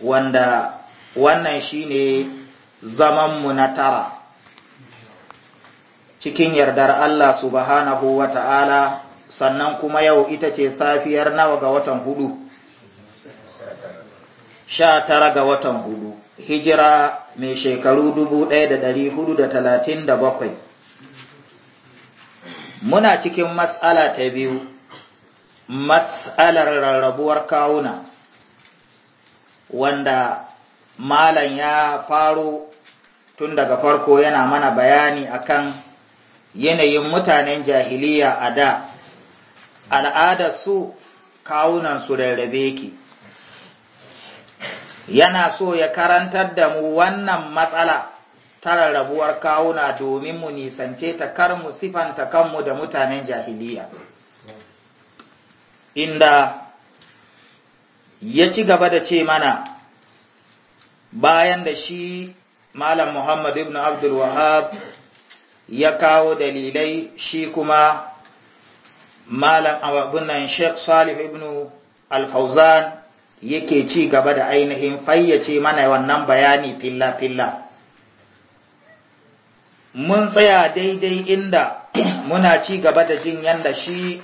wanda wannan shine mu na tara cikin yardar Allah subhanahu wa ta'ala sannan kuma yau ita ce safiyar nawa ga watan hudu sha tara ga watan hudu hijira mai shekaru dubu ɗaya da ɗari hudu da talatin da bakwai muna cikin matsala ta biyu matsalar rarrabuwar kawuna wanda malam ya faro tun daga farko yana mana bayani akan yanayin mutanen jahiliya a da al'adarsu su kawunan su rarrabe ki yana so ya karantar da mu wannan matsala ta rarrabuwar kawuna domin mu nisance ta kar mu sifanta kanmu da mutanen jahiliya inda ya ci gaba da ce mana bayan da shi Malam Muhammad ibn Abdul Wahab ya kawo dalilai shi kuma Malam abunan Sheikh Salih ibn Al-Fauzan yake ci gaba da ainihin fayyace mana wannan bayani filla-filla. Mun tsaya daidai inda muna ci gaba da jin yanda shi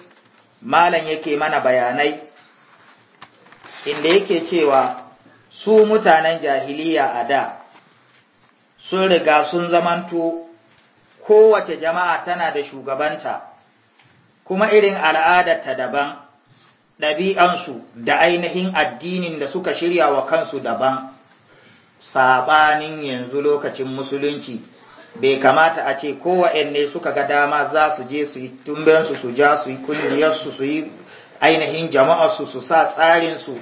Malam yake mana bayanai inda yake cewa su mutanen jahiliya a da sun riga sun zamanto kowace jama'a tana da shugabanta kuma irin al'adarta daban ɗabi'ansu da ainihin addinin da suka shirya wa kansu daban saɓanin yanzu lokacin musulunci bai kamata a ce ne suka ga dama za su je su yi tumbensu su ja su yi kulliyarsu su yi ainihin jama'arsu su sa tsarinsu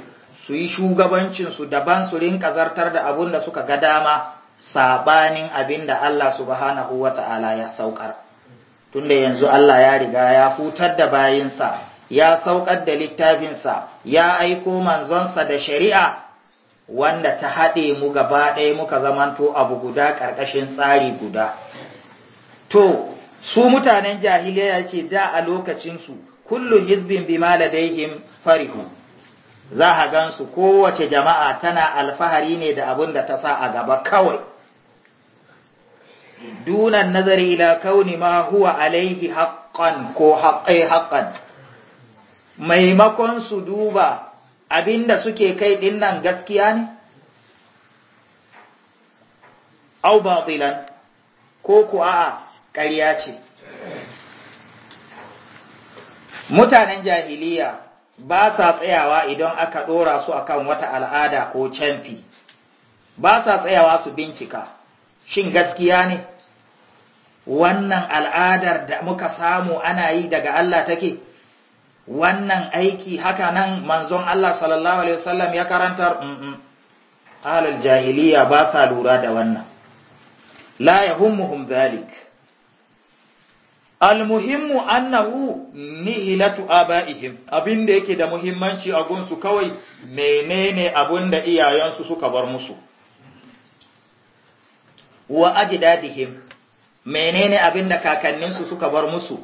su yi shugabancinsu daban su rinka zartar da abun da suka ga dama sabanin abin da Allah subhanahu wa ta'ala ya saukar tunda yanzu Allah ya riga ya hutar da bayinsa ya saukar da littafinsa ya aiko manzonsa da shari'a wanda ta haɗe mu gaba ɗaya muka zamanto abu guda ƙarƙashin tsari guda to su mutanen jahiliya ce da a lokacinsu kullu hizbin bima ladaihim farihu za a gansu kowace jama'a tana alfahari ne da abin da ta sa a gaba kawai dunan nazari ila kauni ma huwa alaihi haƙƙan ko haƙƙai haƙƙan maimakon su duba abinda suke kai ɗin nan gaskiya ne au batilan ko ku a ƙarya ce mutanen jahiliya ba sa tsayawa idan aka ɗora su akan wata al'ada ko canfi, ba sa tsayawa su bincika, shin gaskiya ne? Wannan al'adar da muka samu ana yi daga Allah take, wannan aiki haka nan manzon Allah sallallahu Alaihi wasallam ya karantar, ahlul jahiliya ba sa lura da wannan, la ya dhalik. almuhimmu annahu nihilatu aba'ihim abin da yake da muhimmanci a gunsu kawai menene abin da iyayensu suka bar musu wa ajdadihim menene abin da kakanninsu suka bar musu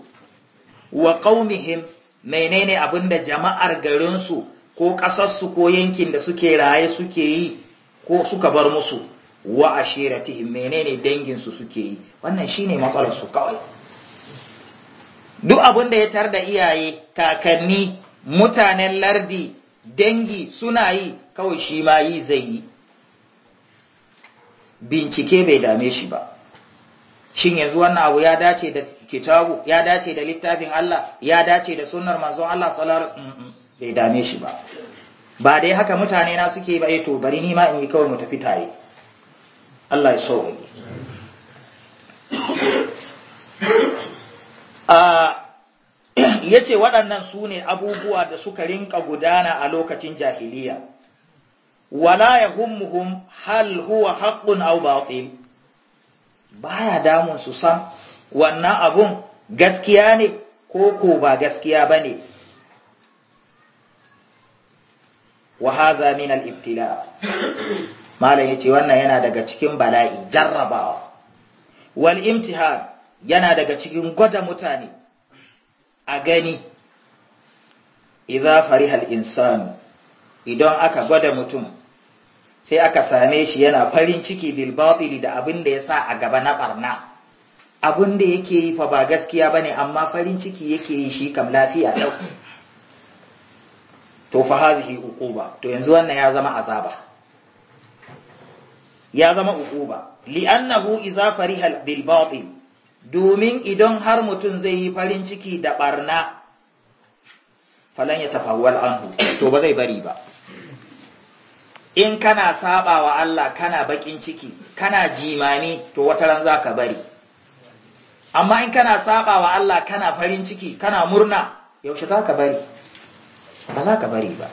wa qaumihim menene abin da jama'ar garinsu ko ƙasarsu ko yankin da suke raye suke yi ko suka bar musu wa ashiratihim menene danginsu suke yi wannan shine matsalarsu kawai duk abin da ya tar da iyaye kakanni mutanen lardi dangi suna yi kawai shi ma yi zai yi bincike bai dame shi ba shin yanzu wannan abu ya dace da kitabu ya dace da littafin Allah ya dace da sunnar manzon Allah sallallahu alaihi bai dame shi ba ba dai haka mutane na suke ba eh to bari ni ma in yi kawai mu tafi tare Allah ya sauke a ah, ya ce waɗannan su ne abubuwa da suka rinka gudana a lokacin jahiliya wala ya hummuhum hal huwa haƙƙun au ba baya damun su san wannan abun gaskiya ne ko ko ba gaskiya ba ne wa min al’ibtila, malam yace wannan yana daga cikin bala'i jarrabawa wal yana daga cikin gwada mutane a gani idza farihal insanu idan aka gwada mutum sai aka same shi yana farin ciki bil da abin da ya sa a gaba na barna abin da yake yi fa ba gaskiya bane amma farin ciki yake yi shi kam lafiya ɗau. to fa hazihi uquba to yanzu wannan ya zama azaba ya zama uquba li'annahu idza fariha bil domin idan har mutum zai yi farin ciki da barna Falon ya tafawwal anhu to ba zai bari ba in kana saba wa Allah kana bakin ciki kana jimami to wata ran za ka bari amma in kana saba wa Allah kana farin ciki kana murna yaushe za ka bari ba za ka bari ba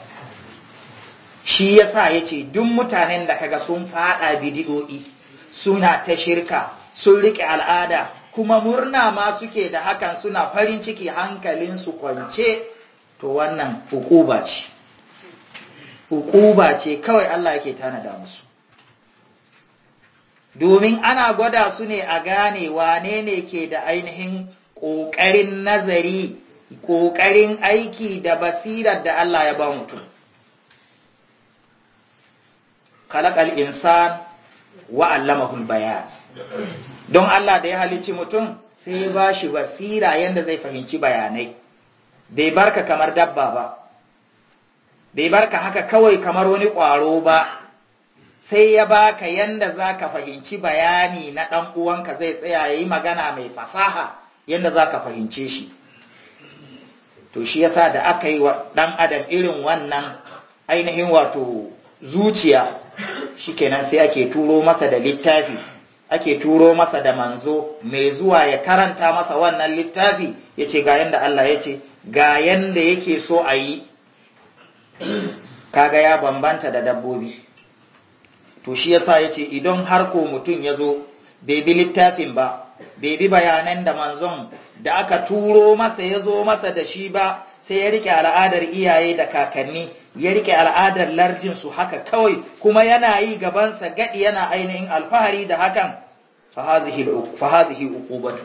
shi yasa ya ce duk mutanen da kaga sun fada bidiyo'i suna ta shirka sun riƙe al'ada kuma murna ma suke da hakan suna farin ciki hankalin su kwance to wannan hukuba ce hukuba ce kawai Allah yake tanada musu domin ana gwada su ne a gane wane ne ke da ainihin ƙoƙarin nazari ƙoƙarin aiki da basirar da Allah ya ba mutum khalaqal insan wa allamahul bayan don Allah da ya halicci mutum sai ya ba shi basira yadda zai fahimci bayanai bai barka kamar dabba ba bai barka haka kawai kamar wani ƙwaro ba sai ya baka yadda za ka fahimci bayani na ɗan'uwanka zai tsaya ya yi magana mai fasaha yadda za ka fahimce shi to shi yasa da aka yi wa ɗan adam irin wannan ainihin wato zuciya shikenan sai ake turo masa da littafi ake turo masa da manzo mai zuwa ya karanta masa wannan littafi ya ce ga yadda Allah ya ce ga yadda yake so a yi kaga ya bambanta da dabbobi to shi yasa ya ce idan har ko mutum ya zo bai bi littafin ba bai bi bayanan da manzon da aka turo masa ya zo masa da shi ba sai ya rike al'adar iyaye da kakanni ya rike al'adar lardin su haka kawai kuma yana yi gabansa gadi yana ainihin alfahari da hakan fa hadhihi uqubatu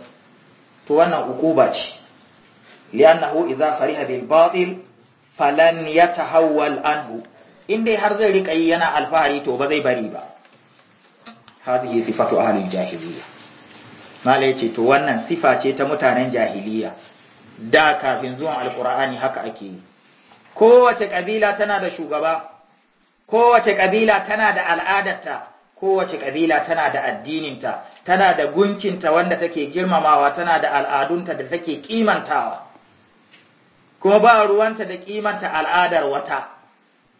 to wannan uquba ce li'annahu idza fariha bil batil falan yatahawwal anhu indai har zai rika yi yana alfahari to ba zai bari ba hadhihi sifatu ahli jahiliya mala yace to wannan sifa ce ta mutanen jahiliya da kafin zuwan alqur'ani haka ake yi kowace ƙabila tana da shugaba kowace ƙabila tana da al'adarta kowace ƙabila tana da addininta tana da gunkinta wanda take girmamawa tana da al'adunta da take kimantawa kuma ba ruwanta da kimanta al'adar wata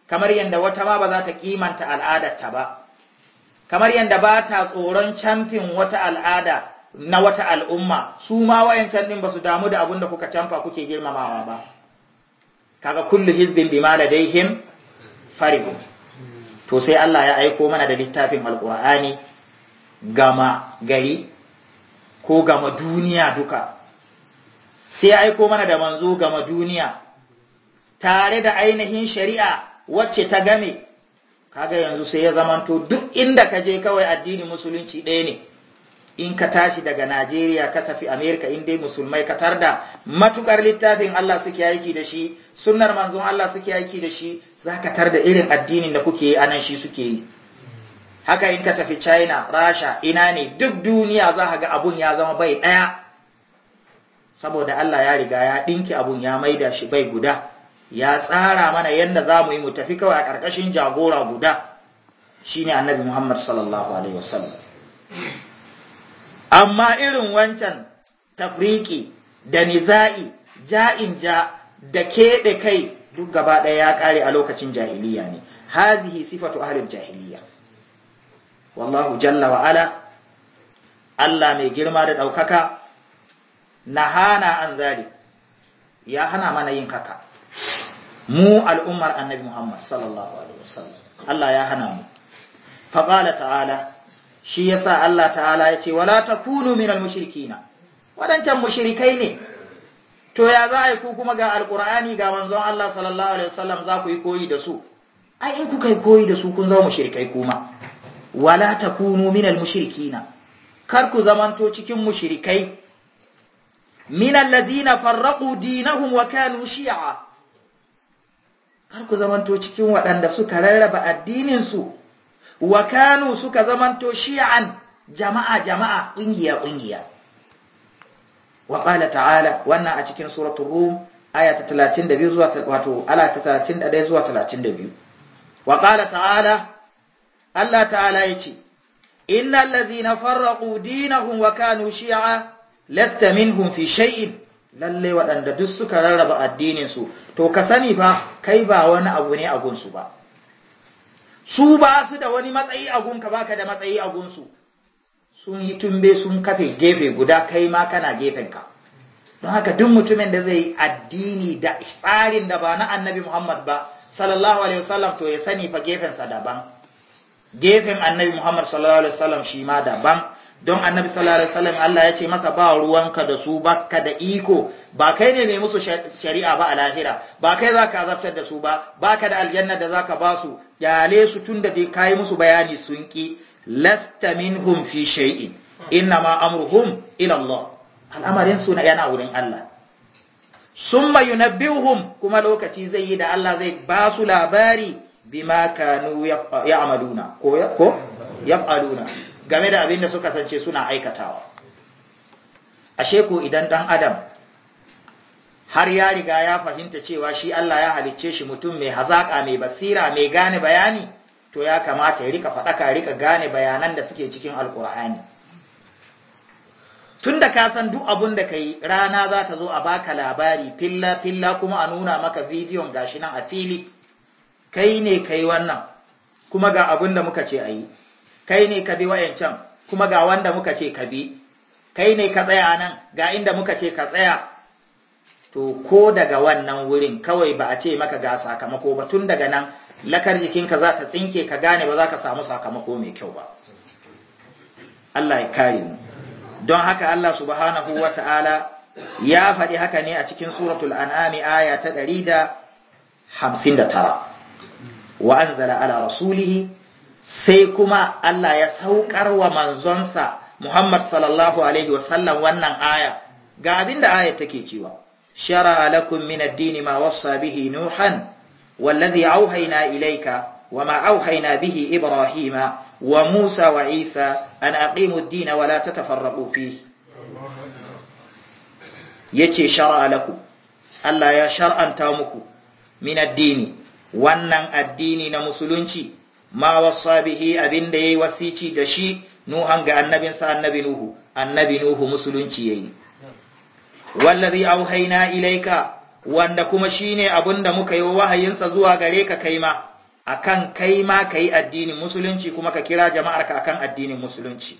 kamar yadda wata ma ba za ta kimanta al'adarta ba kamar yadda ba ta tsoron camfin wata al'ada na wata al'umma su ma wayancan din ba su damu da abin da kuka camfa kuke girmamawa ba kaga kullu hizbin bima ladaihim farihun to sai Allah ya aiko mana da littafin alqur'ani gama gari ko gama duniya duka sai ya aiko mana da manzo gama duniya tare da ainihin shari'a wacce ta game kaga yanzu sai ya zamanto duk inda ka je kawai addini musulunci ɗaya ne in ka tashi daga Najeriya ka tafi Amerika in dai musulmai ka tarda matukar littafin Allah suke aiki da shi sunnar manzon Allah suke aiki da shi zaka tar da irin addinin da kuke yi anan shi suke yi haka in ka tafi China Rasha ina ne duk duniya za ga abun ya zama bai ɗaya saboda Allah ya riga ya ɗinki abun ya maida shi bai guda ya tsara mana yadda za mu yi mu tafi kawai a ƙarƙashin jagora guda shine annabi Muhammad sallallahu alaihi wasallam amma irin wancan tafriki da niza'i ja'in ja' da keɓe kai duk gaba ɗaya ya ƙare a lokacin jahiliya ne hazihi sifatu ahlil jahiliya wallahu jalla wa ala Allah mai girma da ɗaukaka na hana an zari ya hana mana yin kaka mu al'ummar annabi Muhammad sallallahu alaihi wasallam Allah ya hana mu faƙala ta'ala shi yasa Allah ta'ala ya ce wala ta kunu minal mushrikina waɗancan mushrikai ne to ya za a yi ku kuma ga alkur'ani ga manzon Allah sallallahu alaihi wasallam za ku yi koyi da su ai in kuka yi koyi da su kun zama mushrikai kuma wala takunu minal mushrikina kar ku zamanto cikin mushrikai min allazina farraqu dinahum wa kanu shi'a kar ku zamanto cikin waɗanda suka rarraba addinin su wa kanu suka zamanto shi'an jama'a jama'a ƙungiya ƙungiya wa qala ta'ala wannan a cikin suratul rum aya ta 32 zuwa wato ala ta 31 zuwa 32 wa qala ta'ala Allah ta'ala yace innal ladhina farraqu dinahum wa kanu shi'a lasta minhum fi shay'in lalle waɗanda duk suka rarraba addinin su to ka sani ba kai ba wani abu ne a gunsu ba su ba su da wani matsayi a gunka baka da matsayi a gunsu sun yi tumbe sun kafe gefe guda kai ma kana gefenka don haka duk mutumin da zai yi addini da tsarin da ba na annabi muhammad ba sallallahu alaihi wasallam to ya sani fa gefensa daban gefen annabi muhammad sallallahu alaihi wasallam shi ma daban don annabi sallallahu alaihi wasallam Allah ya ce masa ba ruwanka da su baka da iko ba kai ne mai musu shari'a ba a lahira ba kai za ka azabtar da su ba baka da aljanna da za ka ba su yale su tun da dai musu bayani sun ki lasta minhum fi shay'in innama amruhum ila Allah al'amarin su yana wurin Allah summa yunabbihum kuma lokaci zai yi da Allah zai ba su labari bima kanu ya'maluna ko ko ya'maluna game da abin da suka sance suna aikatawa ashe ko idan dan adam har ya riga ya fahimta cewa shi Allah ya halicce shi mutum mai hazaka mai basira mai gane bayani to ya kamata ya rika faɗaka rika gane bayanan da suke cikin alkur'ani tun da ka san duk abun da kai rana za ta zo a baka labari filla filla kuma a nuna maka bidiyon gashi nan a fili kai ne kai wannan kuma ga abun da muka ce a yi kai ne ka bi wayancan kuma ga wanda muka ce ka bi kai ne ka tsaya nan ga inda muka ce ka tsaya to ko daga wannan wurin kawai ba a ce maka ga sakamako ba tun daga nan lakar jikinka za ta tsinke ka gane ba za ka samu sakamako mai kyau ba Allah ya kare mu don haka Allah subhanahu wa ta'ala ya faɗi haka ne a cikin suratul an'ami aya ta 159 wa anzala ala rasulihi sai kuma Allah ya saukar wa manzonsa Muhammad sallallahu alaihi sallam wannan aya ga abinda da take cewa shara lakum min ad-dini ma wassa bihi nuhan والذي أوحينا إليك وما أوحينا به إبراهيم وموسى وعيسى أن أقيموا الدين ولا تتفرقوا فيه يتي شرع لكم الله يا شرعا من الدين wannan addini na musulunci ma wasa bihi abin da yayi wasici da shi nuhan ga annabinsa annabi nuhu annabi nuhu musulunci yayi wallazi auhaina ilaika. wanda kuma shine abinda muka yi wahayinsa zuwa gare ka kai ma akan kai ma ka yi addinin musulunci kuma ka kira jama'arka akan addinin musulunci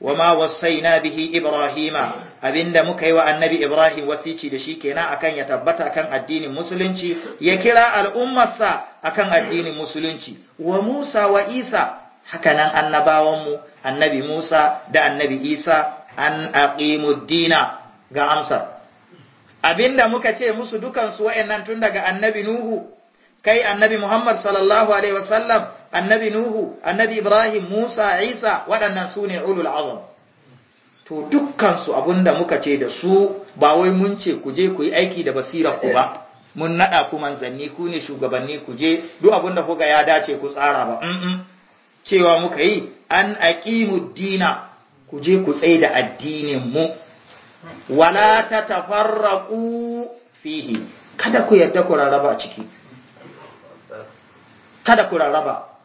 wa ma wasaina bihi ibrahima abinda muka yi wa annabi ibrahim wasici da shi kenan akan ya tabbata akan addinin musulunci ya kira al'ummarsa akan addinin musulunci wa musa wa isa hakanan mu annabi musa da annabi isa an aqimu dina ga amsar abinda muka ce musu dukansu wa'annan tun daga annabi Nuhu kai annabi Muhammad sallallahu alaihi wasallam annabi Nuhu annabi Ibrahim Musa Isa waɗannan su ne ulul azam to dukkansu abinda muka ce da su ba wai mun ce ku je ku yi aiki da basira ku ba mun naɗa ku manzanni ku ne shugabanni ku je duk abinda kuka ya dace ku tsara ba cewa muka yi an aqimu dina ku je ku tsaida addinin mu wala tatafarraqu fihi kada ku yadda ku rarraba a ciki kada ku rarraba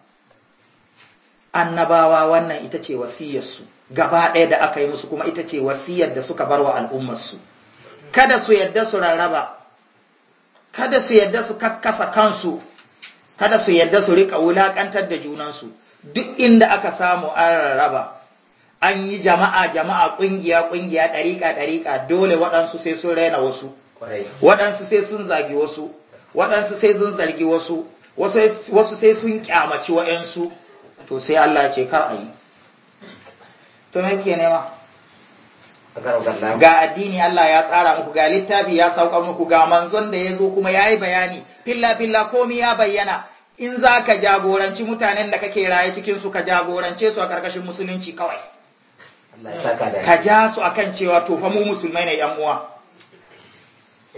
annabawa wannan ita ce wasiyarsu gaba ɗaya da aka yi musu kuma ita ce wasiyar da suka bar wa al'ummarsu kada su yadda su rarraba kada su yadda su kakkasa kansu kada su yadda su riƙa wulaƙantar da junansu duk inda aka samu an rarraba an yi jama'a jama'a ƙungiya ƙungiya ɗariƙa ɗariƙa dole waɗansu sai sun raina wasu waɗansu sai sun zagi wasu waɗansu sai sun zargi wasu wasu sai sun kyamaci wa'yansu to sai Allah ce kar a yi to me kuke nema ga addini Allah ya tsara muku ga littafi ya sauka muku ga manzon da ya zo kuma ya yi bayani filla filla komi ya bayyana in za ka jagoranci mutanen da kake raye cikinsu, ka jagorance su a ƙarƙashin musulunci kawai ka ja su akan cewa tofa mu musulmai na' yan uwa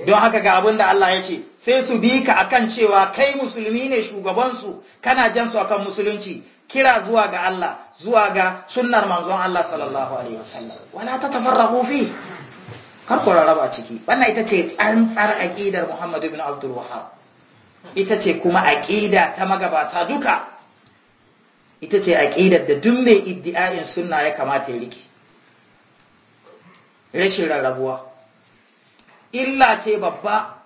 don haka ga abin da Allah ya ce sai su bi ka akan cewa kai musulmi ne shugabansu kana jan su akan musulunci kira zuwa ga Allah zuwa ga sunnar manzon Allah sallallahu alaihi wasallam wala ta fi kar ku raba ciki wannan ita ce tsantsar aƙidar Muhammad Muhammadu Abdul Wahhab ita ce kuma ƙida ta magabata duka ita ce aƙidar da duk mai iddi'ayin sunna ya kamata ya rike rashin rarrabuwa illa ce babba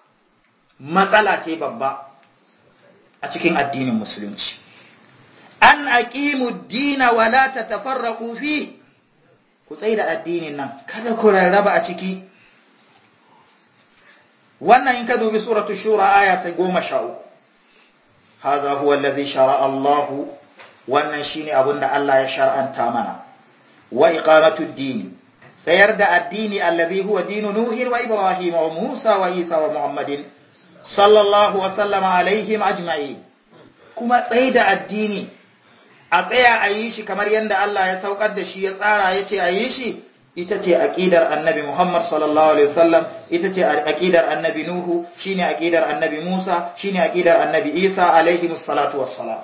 matsala ce babba a cikin addinin musulunci an aqimu dina wa la tatafarraqu fi ku da addinin nan kada ku rarraba a ciki wannan in ka dubi suratu shura aya ta 13 hadha huwa alladhi shara'a Allahu wannan shine abin da Allah ya shar'anta mana wa iqamatud dini Sayar da addini alladhi huwa dinu nuhin wa ibrahim wa musa wa isa wa muhammadin sallallahu wa sallama alaihim ajma'in kuma tsayi da addini a tsaya a yi shi kamar yadda Allah ya saukar da shi ya tsara ya ce a yi shi ita ce aƙidar annabi Muhammad sallallahu alaihi wasallam ita ce aƙidar annabi Nuhu shine aƙidar annabi Musa shine aƙidar annabi Isa alaihi salatu wassalam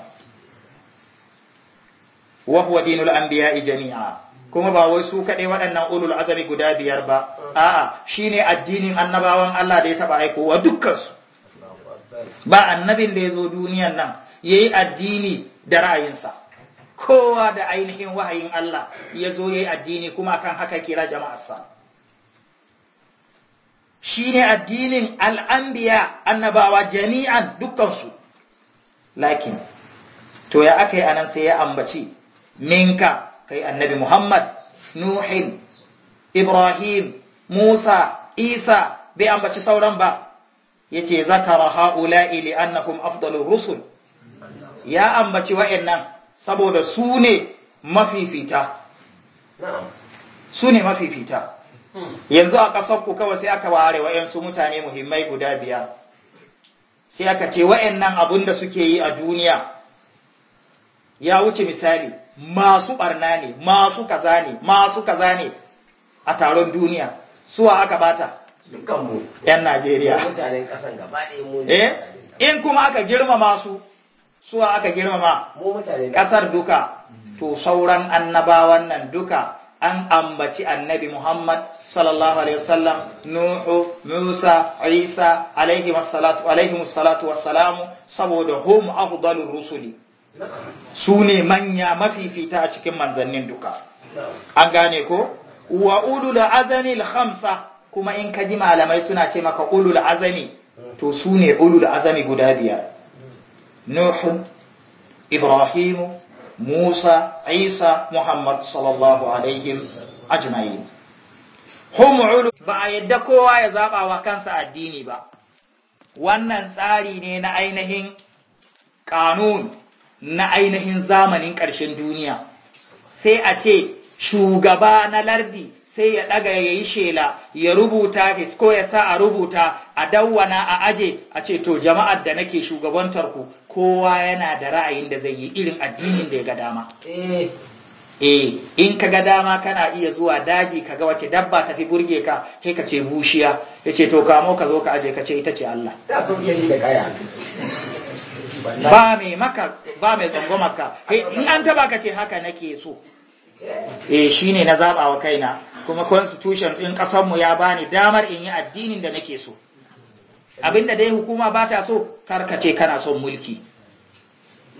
wa huwa dinul anbiya'i jami'a kuma ba wai su kaɗai waɗannan ulul azami guda biyar ba a'a shine addinin annabawan Allah da ya taɓa aikowa dukkansu ba annabin da ya zo duniyan nan yayi addini da ra'ayinsa kowa da ainihin wahayin Allah yazo yayi addini kuma kan haka kira jama'arsa shine addinin al'ambiya annabawa jami'an dukkansu lakin to ya aka anan sai ya ambaci minka kai annabi Muhammad Nuhin Ibrahim Musa Isa bai ambaci sauran ba yace zakara ula ili annahum afdalur rusul ya ambaci wa'annan saboda su ne mafifita su mafifita yanzu a ƙasarku ku kawai sai aka ware wa'yansu mutane muhimmai guda biyar sai aka ce wa'annan abun da suke yi a duniya ya wuce misali masu barna ne masu kaza ne masu kaza ne a taron duniya suwa aka bata yan Najeriya eh? in kuma aka girmama su suwa aka girmama kasar duka to sauran annabawan nan duka an ambaci annabi Muhammad sallallahu alaihi wasallam Nuhu Musa Isa alaihi wasallatu alaihi wassalatu saboda hum afdalur rusuli su ne manya mafifita a cikin manzannin duka an gane ko wa ulul azami khamsa kuma in ka ji malamai suna ce maka ulul azami to su ne ulul azami guda biyar nuhun ibrahimu musa isa muhammad sallallahu alaihim ajma'in hum ba a yadda kowa ya zaba wa kansa addini ba wannan tsari ne na ainihin kanun na ainihin zamanin ƙarshen duniya sai a ce shugaba na lardi sai ya ɗaga ya yi shela ya rubuta ko ya sa a rubuta a dawwana a aje a ce to jama'ar da nake shugabantar ku kowa yana da ra'ayin da zai yi irin addinin da ya ga dama eh, eh in ka ga dama kana iya zuwa daji ka ga wace dabba ta fi burge ka sai ka ce bushiya ya ce to kamo ka zo ka aje ka ce ita ce Allah ba mai maka ba mai eh, in an taba ka ce haka nake so eh shine na zaba wa kaina kuma constitution ɗin kasar mu ya bani damar in yi addinin da nake so abinda dai hukuma ba ta so karkace kana son mulki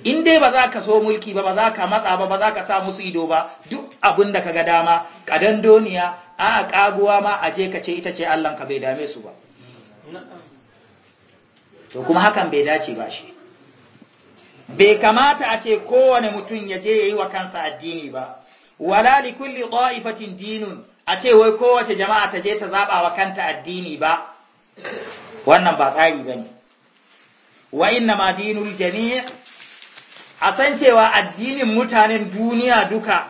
in dai ba za ka so mulki ba ba za ka matsa ba ba za ka sa musu ido ba duk abin da ka ga dama kadan doniya a kaguwa ma a je ka ce ita ce Allah ka bai dame su ba to kuma hakan bai dace ba shi bai kamata a ce kowane mutum ya je ya yi wa kansa addini ba wala li kulli da'ifatin dinun a ce wai kowace jama'a ta je ta zaɓa wa kanta addini ba wannan ba tsari ba ne wa inna ma dinul jami’i, a san cewa addinin mutanen duniya duka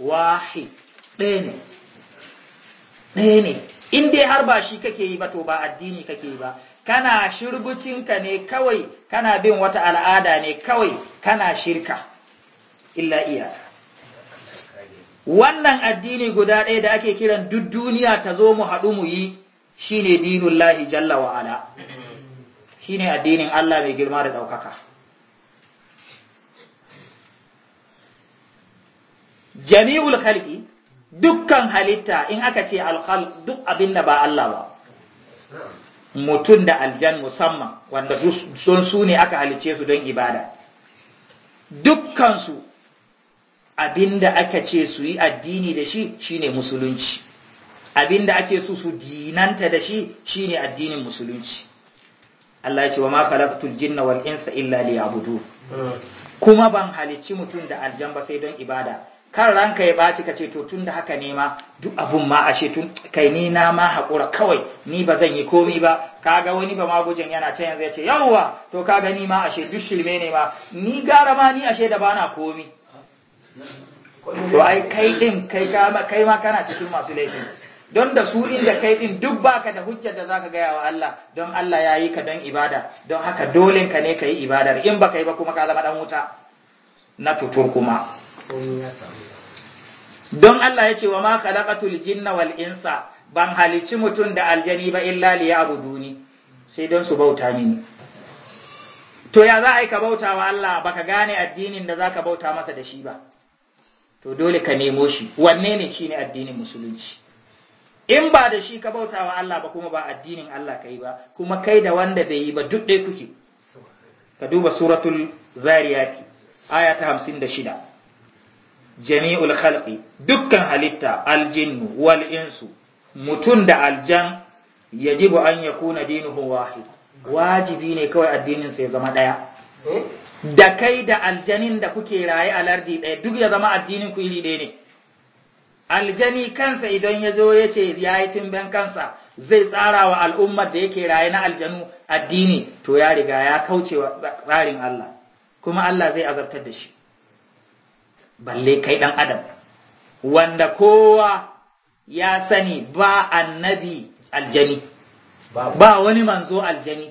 wahi ɗaya ne ɗaya ne dai har ba shi kake yi ba to ba addini kake yi ba kana shirbucinka ne kawai kana bin wata al'ada ne kawai kana shirka illa iyaka wannan addini guda ɗaya da ake kiran duk duniya ta zo mu haɗu mu yi shine dinul lahi jalla wa ala shine addinin Allah mai girma da ɗaukaka jami'ul khalqi dukkan halitta in aka ce alkhal duk abin ba Allah ba mutum da aljan musamman wanda sun su ne aka halice su don ibada dukkansu abinda aka ce su yi addini da shi shine musulunci abinda ake so su dinanta da shi shine addinin musulunci Allah ya ce wa ma khalaqtul jinna wal insa illa liya'budu hmm. kuma ban halicci mutum da aljan ba sai don ibada kan ranka ya ɓaci ka ce to tun da haka ne ma duk abun ma ashe tun kai ni na ma haƙura kawai ni ba zan yi komi ba kaga wani ba magujin yana can yanzu ya ce yawwa to kaga ni ma ashe duk shirme ne ma ni gara ma ni ashe da bana komi to ai kai din kai kai ma kana cikin masu laifi don da su inda kai din duk baka da hujjar da zaka gaya wa Allah don Allah ya yi ka don ibada don haka dole ka ne ka yi ibadar in baka yi ba kuma ka zama dan wuta na tutur kuma don Allah ya ce wa ma khalaqatul jinna wal insa ban halici mutum da aljani ba illa li duni, sai don su bauta mini to ya za a yi ka bauta wa Allah baka gane addinin da zaka bauta masa da shi ba to dole ka nemo shi wanne ne shine addinin musulunci in ba da shi ka bauta wa Allah ba kuma ba addinin Allah kai ba kuma kai da wanda bai yi ba duk dai kuke ka duba suratul zariyati aya ta hamsin da shida jami'ul khalqi dukkan halitta aljinnu wal insu mutun da aljan yajibu an yakuna dinuhu wahid wajibi ne kawai addinin sa ya zama daya da kai da aljanin da kuke raye a lardi ɗaya duk ya zama addinin ku iri ɗaya ne aljani kansa idan ya zo ya ce ya yi tumben kansa zai tsara wa al'ummar da yake raye na aljanu addini to ya riga ya kauce wa tsarin Allah kuma Allah zai azabtar da shi balle kai ɗan adam wanda kowa ya sani ba annabi aljani ba wani manzo aljani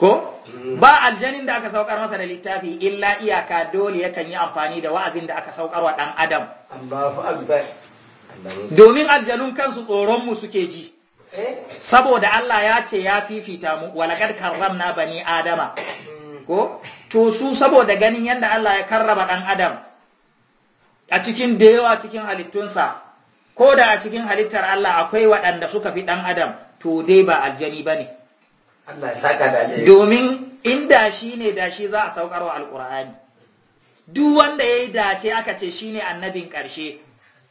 ko mm. ba aljanin da aka saukar masa da littafi illa iyaka dole yakan yi amfani da wa'azin da aka saukar wa ɗan adam domin aljanun kansu tsoronmu suke ji eh? saboda Allah ya ce ya fifita mu karram na bani adama mm. ko to su saboda ganin yadda Allah ya karraba ɗan adam a cikin da yawa cikin halittunsa ko da a cikin halittar Allah akwai waɗanda suka fi ɗan adam to dai ba aljani ba ne domin in da shi ne da shi za a saukar wa alƙur'ani duk wanda ya yi dace aka ce shi ne annabin ƙarshe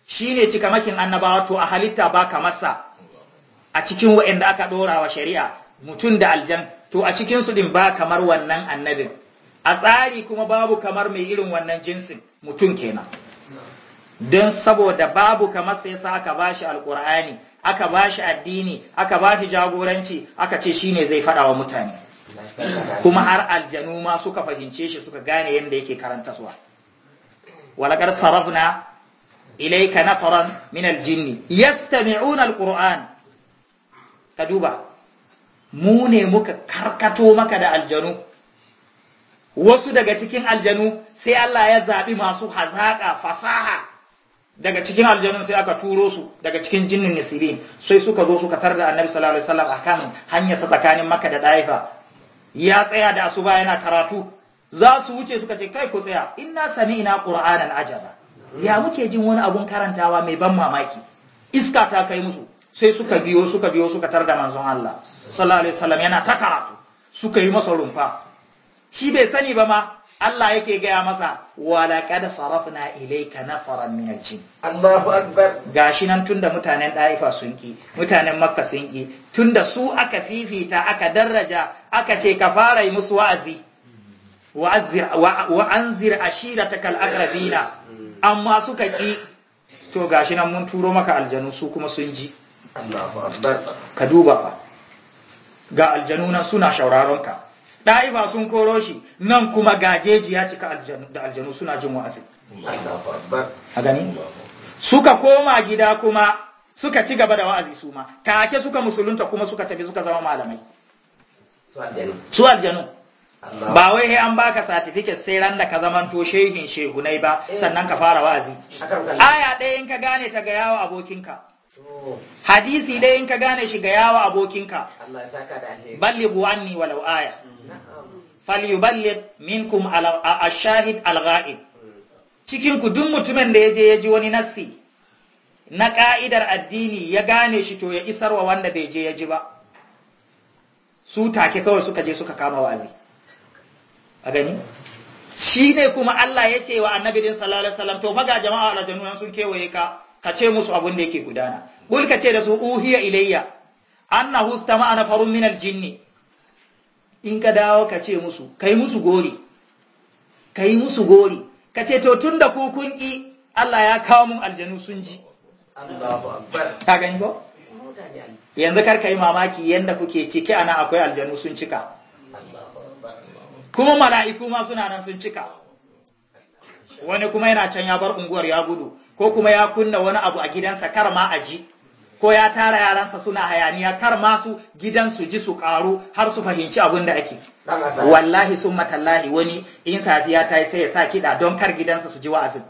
shi ne cikamakin annabawa to a halitta ba kamarsa a cikin waɗanda aka ɗora wa shari'a mutum da aljan to a su ɗin ba kamar wannan annabin a tsari kuma babu kamar mai irin wannan jinsin mutum kenan don saboda babu kamar sai sa aka bashi alkur'ani aka bashi addini aka bashi jagoranci aka ce shi ne zai faɗa wa mutane kuma har aljanu ma suka fahimce shi suka gane yadda yake karanta suwa walakar sarafna ilaika nafaran min aljinni yastami'una alqur'an ka duba mu ne muka karkato maka da aljanu wasu daga cikin aljanu sai Allah ya zaɓi masu hazaƙa fasaha daga cikin aljanun sai aka turo su daga cikin jinnin nasirin sai suka zo suka tar da annabi sallallahu alaihi wasallam akan hanyar sa tsakanin makka da daifa ya tsaya da asuba yana karatu za su wuce suka ce kai ku tsaya inna sami'na qur'anan ajaba ya muke jin wani abun karantawa mai ban mamaki iska ta kai musu sai suka biyo suka biyo suka tar da manzon Allah sallallahu alaihi wasallam yana ta karatu suka yi masa rumfa shi bai sani ba ma Allah yake gaya masa ولقد صرفنا إليك nafaran min aljin Allahu akbar gashi nan tunda mutanen ɗaifa sun ki mutanen makka sun ki tunda su aka fifita aka daraja aka ce ka fara musu wa'azi wa anzir ashirataka alaqrabina amma suka ki to gashi nan mun turo maka aljanu su kuma sun ji Allahu akbar ka duba ga aljanu nan suna shauraron ka ɗa'ifa sun koro shi nan kuma gajeji ya cika da aljanu suna jin wa'azi a gani suka koma gida kuma suka ci gaba da wa'azi su ma take suka musulunta kuma suka tafi suka zama malamai su aljanu ba wai he an baka certificate sai ran da ka zamanto shehin shehunai ba eh. sannan ka fara wa'azi aya ɗaya in ka gane ta ga yawo abokinka oh. hadisi ɗaya in ka gane shi ga yawo abokinka balli buwanni walau aya mm. falyuballigh minkum a shahid al cikin ku duk mutumin da ya ji wani nassi na ka'idar addini ya gane shi to ya isarwa wanda bai je yaji ba su take kawai suka je suka kama wazi a gani shi ne kuma Allah ya ce wa annabi din sallallahu alaihi wasallam to maga jama'a aljanu sun kewaye ka ka ce musu abun da yake gudana kul ce da su uhiya ilayya annahu istama'a nafarun min aljinni in ka dawo ka ce musu yi musu gori yi musu gori ka ce to tun ku kukun ƙi Allah ya kawo mun aljanu sun ji ta gani ko yanzu kar yi mamaki yadda kuke cike ana akwai aljanu sun cika kuma mala'iku ma suna nan sun cika wani kuma yana can ya bar unguwar ya gudu ko kuma ya kunna wani abu a gidansa kar ma a ji ko ya tara yaransa suna hayaniya kar masu gidan su ji su karu har su fahimci abin da ake wallahi sun matallahi wani in safiya ta yi sai ya sa kiɗa don kar gidansa su ji wa'azin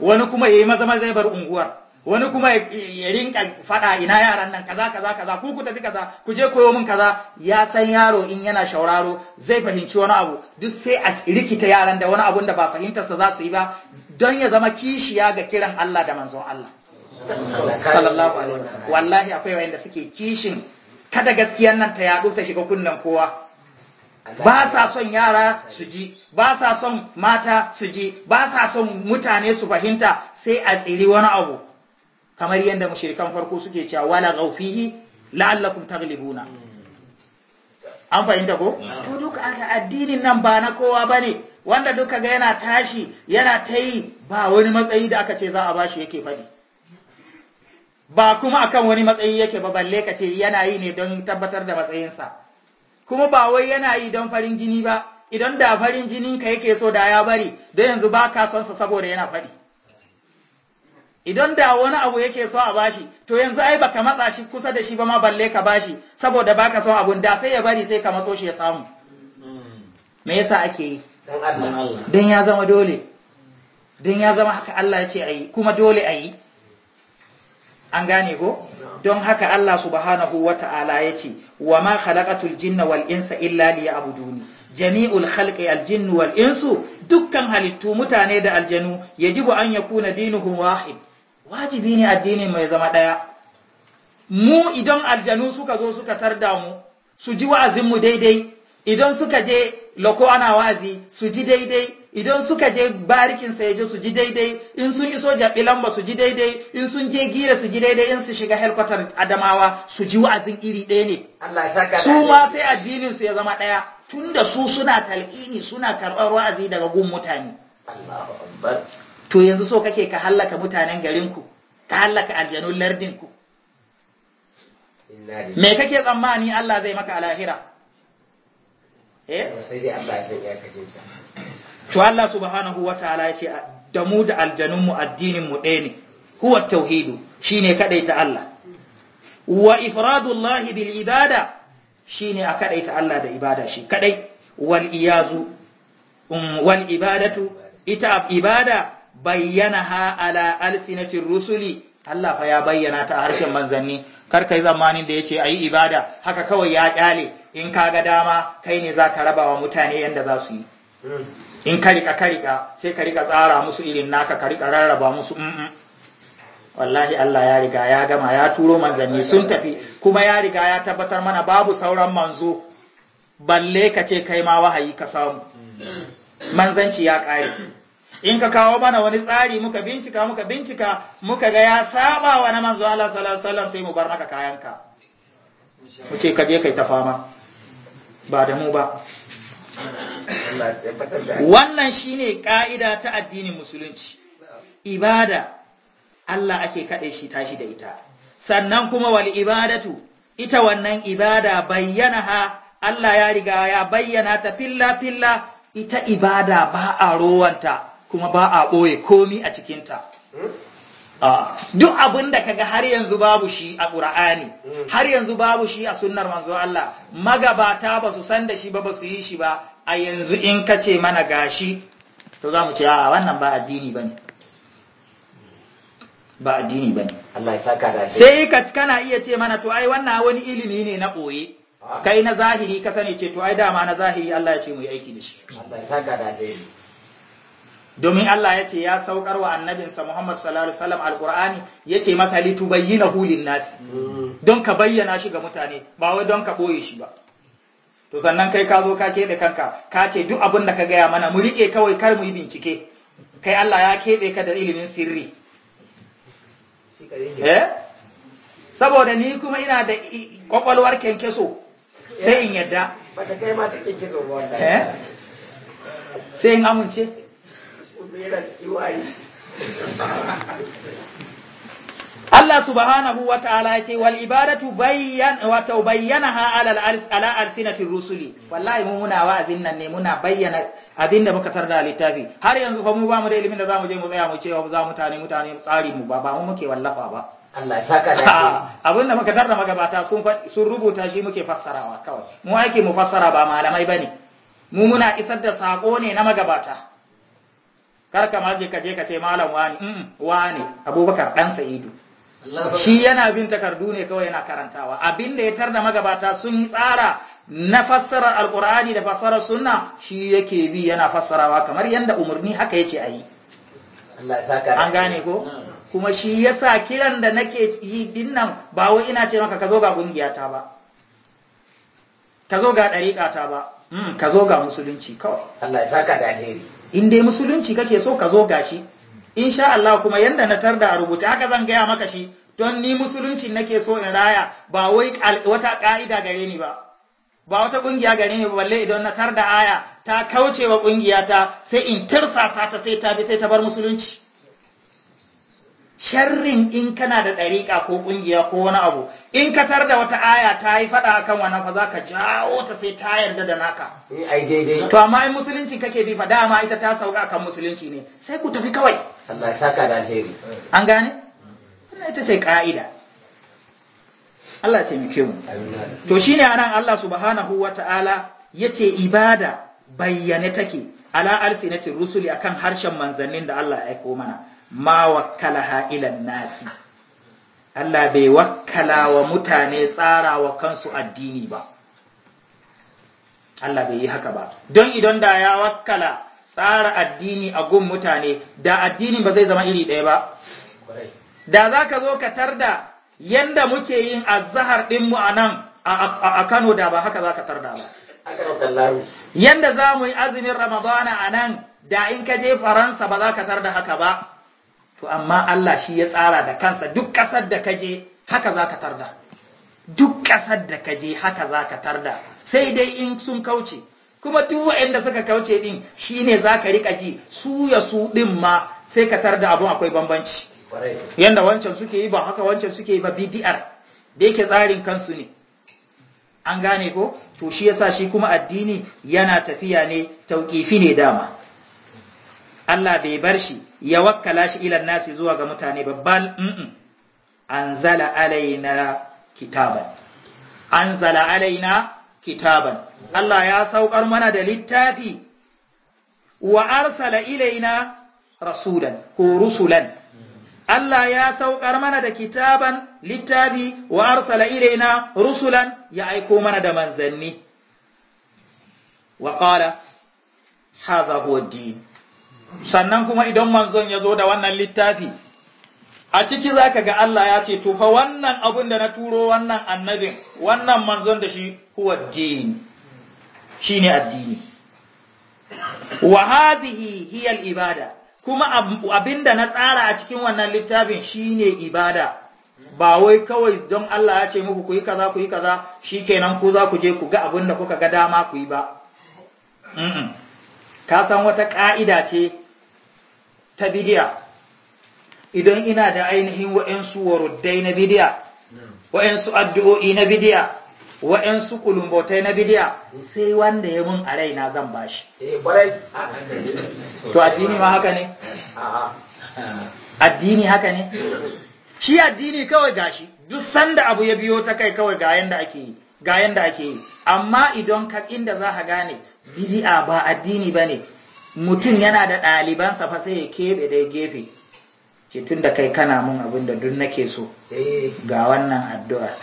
wani kuma ya yi maza maza bar unguwar wani kuma ya rinka faɗa ina yaran nan kaza kaza kaza ku ku tafi kaza ku je koyo min kaza ya san yaro in yana shauraro zai fahimci wani abu duk sai a rikita yaran da wani abun da ba fahimtarsa za su yi ba don ya zama kishiya ga kiran Allah da manzon Allah sallallahu alaihi wasallam wallahi akwai wayanda suke kishin kada gaskiyar nan ta yaɗu ta shiga kunnen kowa ba sa son yara su ji ba sa son mata su ji ba sa son mutane su fahimta sai a tsiri wani abu kamar yadda mushrikan farko suke cewa wala gaufihi la'allakum taglibuna an fahimta ko to duka aka addinin nan ba na kowa bane wanda duka ga yana tashi yana ta yi ba wani matsayi da aka ce za a bashi yake faɗi ba kuma akan wani matsayi yake ba balle ka ce yana yi ne don tabbatar da matsayinsa kuma ba wai yana yi don farin jini ba idan da farin jinin ka yake so da ya bari don yanzu ba ka son sa saboda yana faɗi idan da wani abu yake so a bashi to yanzu ai baka matsa shi kusa da shi ba ma balle ka bashi saboda baka son abun da sai ya bari sai ka matso shi ya samu me yasa ake yi don ya zama dole don ya zama haka Allah ya ce yi, kuma dole ayi an gane ko don haka Allah subhanahu wa ta'ala ya ce wa ma khalaqatul jinna wal insa illa liya'buduni jami'ul khalqi al jinnu wal insu dukkan halittu mutane da aljanu yajibu an yakuna dinuhum wahid wajibi ne addini mai zama daya mu idan aljanu suka zo suka tarda mu su ji wa'azin mu daidai idan suka je lako ana wa'azi su ji daidai idan suka je barikin sa yaje su ji daidai in sun iso jabi lamba su ji daidai in sun je gira su ji daidai in su shiga helkwatar adamawa su ji wa'azin iri ɗaya ne su ma sai addinin su ya zama ɗaya tunda su suna talƙini suna karɓar wa'azi daga gun mutane to yanzu so kake ka hallaka mutanen garin ku? ka hallaka aljanun lardin ku? me kake tsammani Allah zai maka alahira eh sai dai Allah sai ya kace ka to Allah subhanahu wa ta'ala ya ce da mu da aljanun mu addinin mu ɗaya ne huwa tauhidu shine ta Allah wa ifradullahi bil ibada shine a ta Allah da ibada shi kadai wal iyazu um, wal ibadatu ita ibada bayyana ha ala alsinatir rusuli Allah fa ya bayyana ta harshen manzanni kar kai zamanin da yace ayi ibada haka kawai ya kyale in kaga dama kai ne zaka rabawa mutane yanda za su yi hmm. in ka rika ka rika sai ka rika tsara musu irin naka ka rika rarraba musu wallahi Allah ya riga ya gama ya turo manzanni sun tafi kuma ya riga ya tabbatar mana babu sauran manzo balle ka ce kai ma wahayi ka samu manzanci ya ƙare in ka kawo mana wani tsari muka bincika muka bincika muka ga ya saba wa na manzo Allah sallallahu alaihi wasallam sai mu bar maka kayanka mu ce ka je kai ta fama ba da mu ba wannan shine ka'ida ta addinin musulunci ibada Allah ake kaɗe shi tashi da ita sannan kuma wal ibadatu ita wannan ibada bayyana ha Allah ya riga ya bayyana ta filla filla ita ibada ba a rowanta kuma ba a ɓoye komi a cikinta. Hmm? Ah, duk abin da kaga har yanzu babu shi a ƙura'ani, hmm. har yanzu babu shi a sunnar manzo Allah, magabata ba su san da shi ba ba su yi shi ba, a yanzu in ka ce mana gashi to za mu ce a wannan ba addini ba ne ba addini ba ne sai ka kana iya ce mana to ai wannan wani ilimi ne na ɓoye kai na zahiri ka sani ce to ai dama na zahiri Allah ya ce mu yi aiki da shi domin Allah ya ce ya saukar wa annabinsa Muhammad sallallahu alaihi wasallam alqur'ani yace masa litubayyinahu hulun nasi mm. don ka bayyana shi ga mutane ba wai don ka boye shi ba to sannan kai ka zo ka keɓe kanka ka ce duk abin da ka gaya mana mu riƙe kawai kar mu yi bincike kai Allah ya keɓe ka da ilimin sirri eh? saboda ni kuma ina da kwakwalwar kyankyaso sai in yadda eh? sai in amince Allah subhanahu wa ta'ala ya ce wal ibadatu bayyan wato bayyanaha ala ala alsinatir rusuli wallahi mu muna wa'azin nan ne muna bayyana abinda muka tarda littafi har yanzu fa mu ba mu da ilimin da zamu je mu tsaya mu ce oh, za mutane mutane tsari mu ba ba mu muke wallafa ba Allah ya saka da da muka tarda magabata sun sun rubuta shi muke fassarawa kawai mu aiki mu fassara ba malamai bane mu muna isar da sako ne na magabata kar ka maje ka je ka ce malam wani mm, wani abubakar dan sa'idu shi yana bin takardu ne kawai yana karantawa abin da ya tar da magabata sun yi tsara na fassarar alkur'ani da fassarar sunna shi yake bi yana fassarawa kamar yadda umarni haka yace a yi an gane ko kuma shi ya sa kiran da nake yi dinnan ba ina ce maka ka zo ga kungiyata ba ka zo ga ɗariƙata ba hmm, ka zo ga musulunci kawai Allah in dai musulunci kake so ka zo ga shi insha Allah kuma yanda na tarda a rubuce haka zan gaya maka shi don ni musulunci nake so in raya ba wai wata ka'ida gare ni ba ba wata kungiya gare ni balle idan na tar da aya ta kaucewa kungiya ta sai in tirsasa ta sai ta bi sai ta bar musulunci sharrin in kana da ɗariƙa ko ƙungiya ko wani abu in ka tar da wata aya ta yi faɗa a kan wannan fa za ka jawo ta sai ta yarda da naka eh, ai daidai to amma in musulunci kake bi fa dama ita ta sauka akan musulunci ne sai ku tafi kawai Allah ya saka da alheri an gane wannan ita ce ka'ida Allah ce muke mu to shine anan Allah subhanahu ya ce ibada bayyane take ala alsinatin rusuli akan harshen manzannin da Allah ya aiko mana ma wakkalaha ilan nasi Allah bai wakkala wa mutane tsara wa kansu addini ba Allah bai yi haka ba don idan da ya wakkala tsara addini a gun mutane da addinin ba zai zama iri ɗaya ba da za ka zo ka tarda yanda muke yin azahar ɗinmu a nan a Kano da ba haka za ka tarda ba yanda za mu yi azumin ramadana a nan da in ka je faransa ba za ka tarda haka ba to amma Allah shi ya tsara da kansa duk ƙasar da ka je haka za ka tarda duk ƙasar da ka je haka za ka tarda sai dai in sun kauce kuma duk waɗanda suka kauce din ne za ka riƙa ji su ya su ɗin ma sai ka tarda abun akwai bambanci yanda wancan suke yi ba haka wancan suke yi ba bidiyar da yake tsarin kansu ne an gane ko to shi yasa shi kuma addini yana tafiya ne tauƙifi ne dama Allah bai bar shi ya wakkala shi ilan nasi zuwa ga mutane babban bal anzala alaina kitaban anzala alaina kitaban Allah ya saukar mana da littafi wa arsala ilaina rasulan ko rusulan Allah ya saukar mana da kitaban littafi wa arsala ilaina rusulan ya aiko mana da manzanni wa qala hadha huwa ad-din sannan kuma idan manzon ya zo da wannan littafi a ciki za ka ga Allah ya ce tufa wannan abin da na turo wannan annabin wannan manzon da shi huwa din shi ne addini wa hadhihi hiya ibada kuma abinda na tsara a cikin wannan littafin shine ibada ba wai kawai don Allah ya ce muku ku yi kaza ku yi kaza kenan ku za ku je ku ga abin da kuka ga dama ku yi ba ka san wata ƙa'ida ce ta bidiya idan ina da ainihin wa'yansu waruddai na bidiya wa'yansu addu'o'i na bidiya wa'yansu kulumbotai na bidiya sai wanda ya mun a raina zan bashi eh, to addini ma haka ne addini haka ne shi addini kawai gashi duk sanda abu ya biyo ta kai kawai ga yanda ake yi ga yanda ake yi amma idan ka inda za ka gane bidi'a ba addini bane mutum yana da ɗalibansa fa sai ya keɓe da gefe ce tun da kai kana mun abin da duk nake so eh. ga wannan addu'ar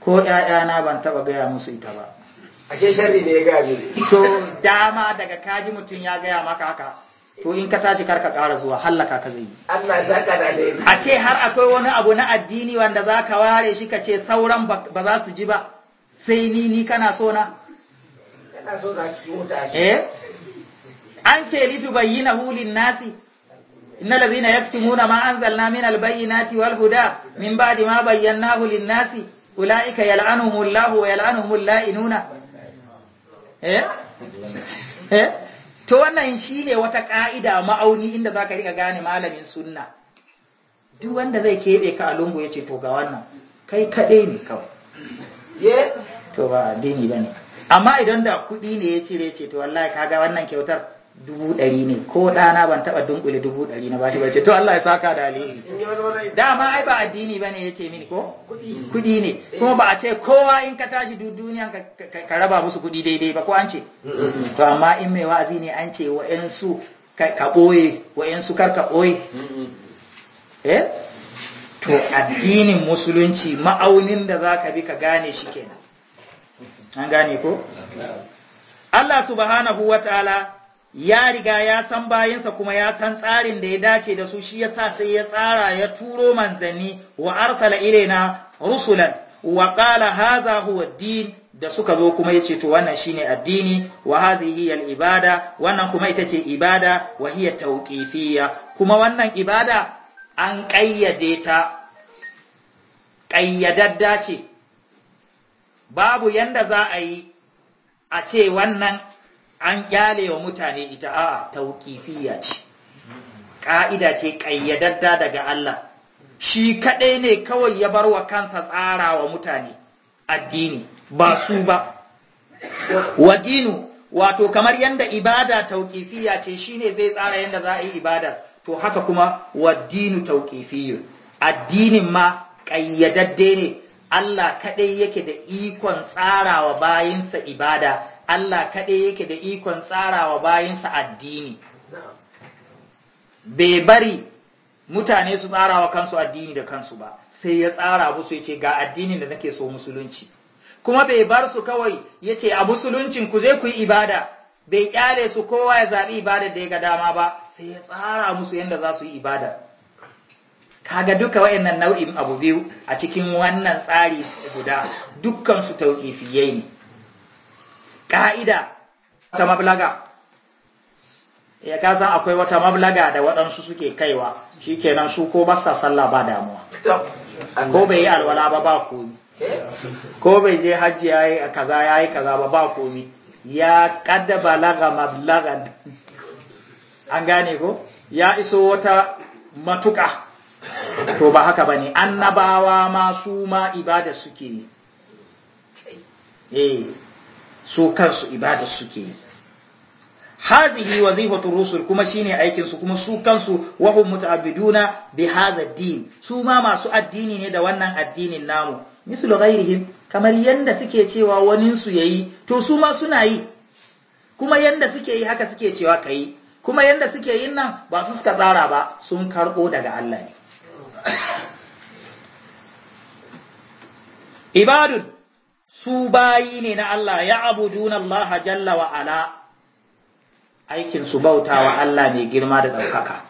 ko ‘ya'yana ban taɓa gaya musu ita ba ashe sharri ne ya gaya to dama daga kaji mutum ya gaya maka haka to in ka tashi karka ƙara zuwa hallaka ka zai yi a ce har akwai wani abu na addini wanda za ka ware shi ka ce sauran ba za su ji ba sai ni ni kana so na kana so cikin wuta eh an ce litubayyinahu lin-nasi innal ladhina yaktumuna ma anzalna min al-bayyinati wal huda min ba'di ma bayyana lin-nasi ulaika yal'anuhum Allahu wa yal'anuhum la'inuna eh eh to wannan shine wata ka'ida ma'auni inda zaka rika gane malamin sunna duk wanda zai kebe ka a lungu yace to ga wannan kai kadai ne kawai to ba addini bane amma idan da kuɗi ne ya cire ce to wallahi kaga wannan kyautar dubu ɗari ne ko ɗana ban taɓa dunkule dubu ɗari na bashi bace to Allah ya saka da alheri dama ai ba addini bane ya ce mini ko kuɗi ne kuma ba a ce kowa in ka tashi duk duniyan ka raba musu kuɗi daidai ba ko an ce to amma in mai wa'azi ne an ce wa'yansu ka ɓoye wa'yansu kar ka ɓoye eh to addinin musulunci ma'aunin da zaka bi ka gane shi kenan an gane ko Allah subhanahu wa ta'ala ya riga ya san bayinsa kuma ya san tsarin da ya dace da su shi yasa sai ya tsara ya turo manzanni wa arsala ilaina rusulan wa qala hadha huwa din da suka zo kuma yace to wannan shine addini wa hadhihi al ibada wannan kuma ita ce ibada wa hiya tawqifiyya kuma wannan ibada an kayyade ta kayyadadda ce babu yanda za a yi a ce wannan an kyale wa mutane ita a tauƙifiya ce ƙa'ida ce ƙayyadadda daga Allah shi kaɗai ne kawai ya bar wa kansa tsara wa mutane addini ba su ba wa dinu wato kamar yadda ibada tauƙifiya ce shine zai tsara yadda za a yi ibada. to haka kuma wa dinu addinin ma ƙayyadadde ne Allah kaɗai yake da ikon tsarawa bayinsa ibada Allah kaɗai yake da ikon tsarawa bayansa addini bai bari mutane su tsarawa kansu addini da kansu ba sai ya tsara musu ya ce ga addinin da nake so musulunci kuma bai bar su kawai ya ce a musuluncin ku zai ku yi ibada bai kyale su kowa ya zaɓi ibada da ya ga dama ba sai ya tsara musu yadda za su yi ibada kaga duka wayannan nau'in abu biyu a cikin wannan tsari guda dukkan su tauƙifiyai ne ƙa'ida ta mablaga ya kasan akwai wata mablaga da waɗansu suke kaiwa shi kenan su ko basa sallah ba damuwa ko bai yi alwala ba ba komi ko bai je hajji ya yi kaza ya yi kaza ba ba komi ya kada balaga mablaga an gane ko ya iso wata matuka, to ba haka ba ne annabawa ma suma ma ibada suke yi eh. su kansu ibada suke yi hadhihi wazifatu rusul kuma shine aikin su kuma su kansu wa hum muta'abbiduna bi hadha din su ma masu addini ne da wannan addinin namu mislu ghairihim kamar yanda suke cewa wanin su yayi to su ma suna yi kuma yanda suke yi haka suke cewa kai kuma yanda suke yin nan ba su suka tsara ba sun karbo daga Allah ne ibadun su bayi ne na Allah ya abu Allah jalla wa ala aikin su bauta wa Allah mai girma da ɗaukaka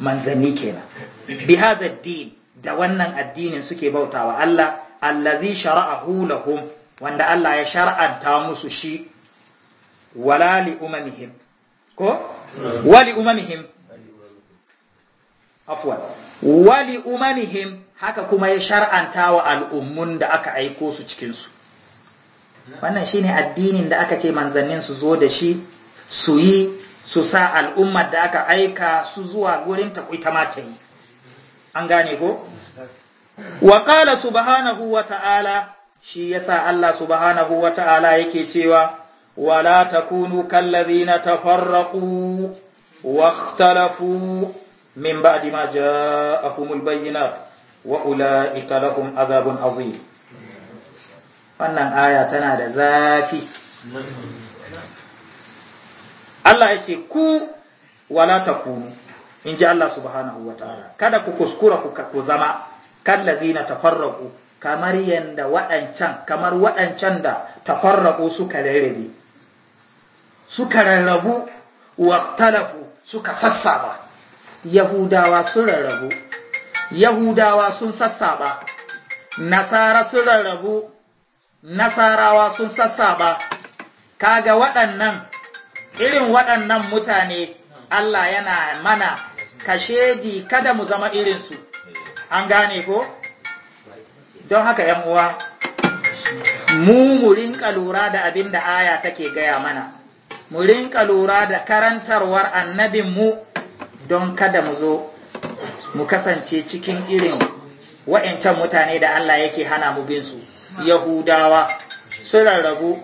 manzanni kenan bi din da wannan addinin suke bauta wa Allah allazi shara'ahu lahum wanda Allah ya shar'anta musu shi wala li umamihim ko wali umamihim afwan wali umamihim haka kuma ya shar'anta wa al'ummun da aka aiko su cikinsu wannan shi ne addinin da aka ce manzannin su zo da shi su yi su sa al'ummar da aka aika su zuwa gurin ta ita ma yi an gane ko wa subhanahu wa ta'ala shi sa Allah subhanahu wa ta'ala yake cewa wala takunu kallazina tafarraqu واختلفوا من بعد ما جاءهم البينات wa lahum azabun azim wannan aya tana da zafi Allah ya ce ku wala takunu in ji Allah subhanahu wa ta'ala kada ku kuskura ku zama zina tafarraku kamar yanda waɗancan kamar waɗancan da tafarraku suka rarrabe suka rarrabu waqtalafu suka sassaba yahudawa sun rarrabu Yahudawa sun sassaɓa, Nasara sun rarrabu, Nasarawa sun sassaɓa, kaga waɗannan, irin waɗannan mutane Allah yana mana kashedi kada mu zama irinsu, an gane ko? Don haka ‘yan uwa, mu mu rinka lura da abin da aya take gaya mana, mu rinka lura da karantarwar annabinmu don kada mu zo mu kasance cikin irin wa'incan mutane da Allah yake hana mu bin su yahudawa sun rabu,